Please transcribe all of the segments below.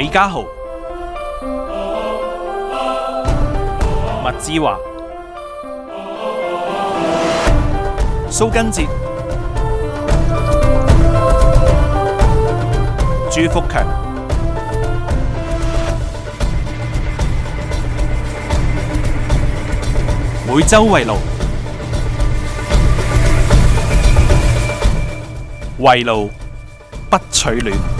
李家豪、麥之華、蘇根哲、朱福強，每週圍爐，圍爐不取暖。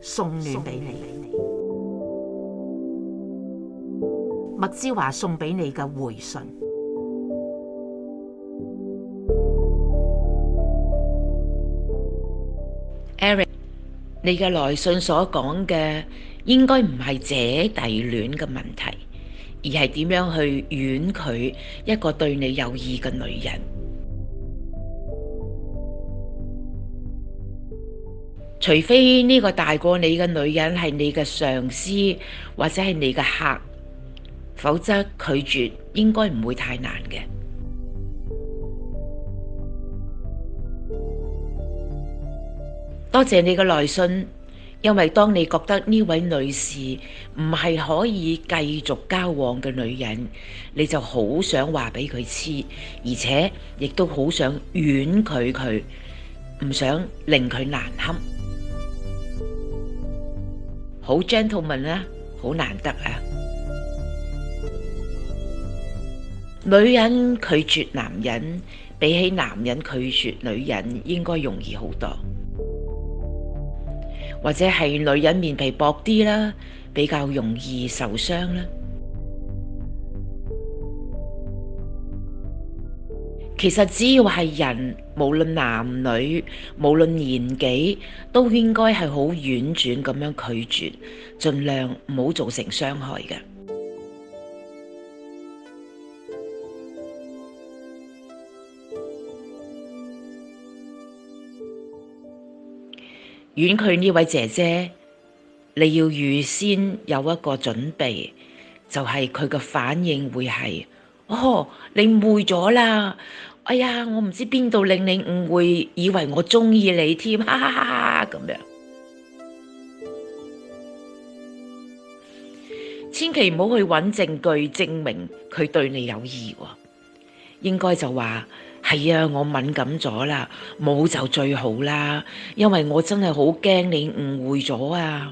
送暖俾你，麥之華送俾你嘅回信，Eric，你嘅來信所講嘅應該唔係姐弟戀嘅問題，而係點樣去遠佢一個對你有意嘅女人。除非呢個大過你嘅女人係你嘅上司或者係你嘅客，否則拒絕應該唔會太難嘅。多謝你嘅來信，因為當你覺得呢位女士唔係可以繼續交往嘅女人，你就好想話俾佢知，而且亦都好想婉拒佢，唔想令佢難堪。好 gentleman 啦，好難得啊！女人拒絕男人，比起男人拒絕女人，應該容易好多，或者係女人面皮薄啲啦，比較容易受傷啦。其實只要係人。無論男女，無論年紀，都應該係好婉轉咁樣拒絕，盡量唔好造成傷害嘅。婉拒呢位姐姐，你要預先有一個準備，就係佢嘅反應會係：哦，你誤會咗啦。哎呀，我唔知邊度令你誤會，以為我中意你添，哈哈哈哈咁樣。千祈唔好去揾證據證明佢對你有意喎，應該就話係啊，我敏感咗啦，冇就最好啦，因為我真係好驚你誤會咗啊。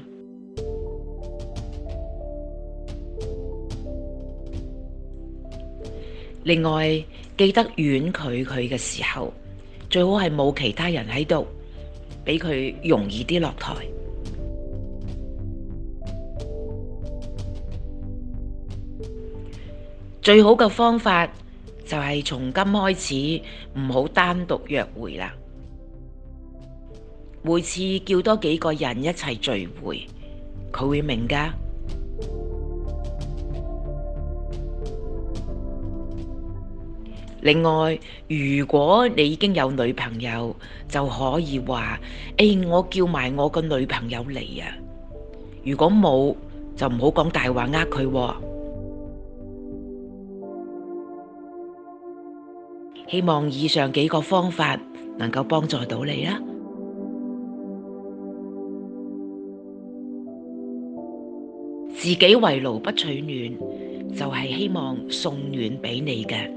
另外。記得遠佢佢嘅時候，最好係冇其他人喺度，俾佢容易啲落台。最好嘅方法就係從今開始唔好單獨約會啦，每次叫多幾個人一齊聚會，佢會明㗎。另外，如果你已經有女朋友，就可以話：誒，我叫埋我個女朋友嚟啊！如果冇，就唔好講大話，呃佢。希望以上幾個方法能夠幫助到你啦。自己圍爐不取暖，就係希望送暖俾你嘅。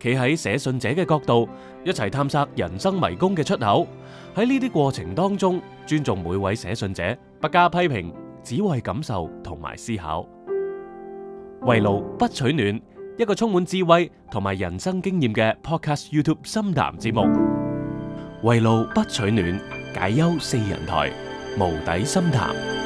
企喺寫信者嘅角度，一齊探索人生迷宮嘅出口。喺呢啲過程當中，尊重每位寫信者，不加批評，只為感受同埋思考。圍爐不取暖，一個充滿智慧同埋人生經驗嘅 Podcast YouTube 深談節目。圍爐不取暖，解憂四人台，無底深談。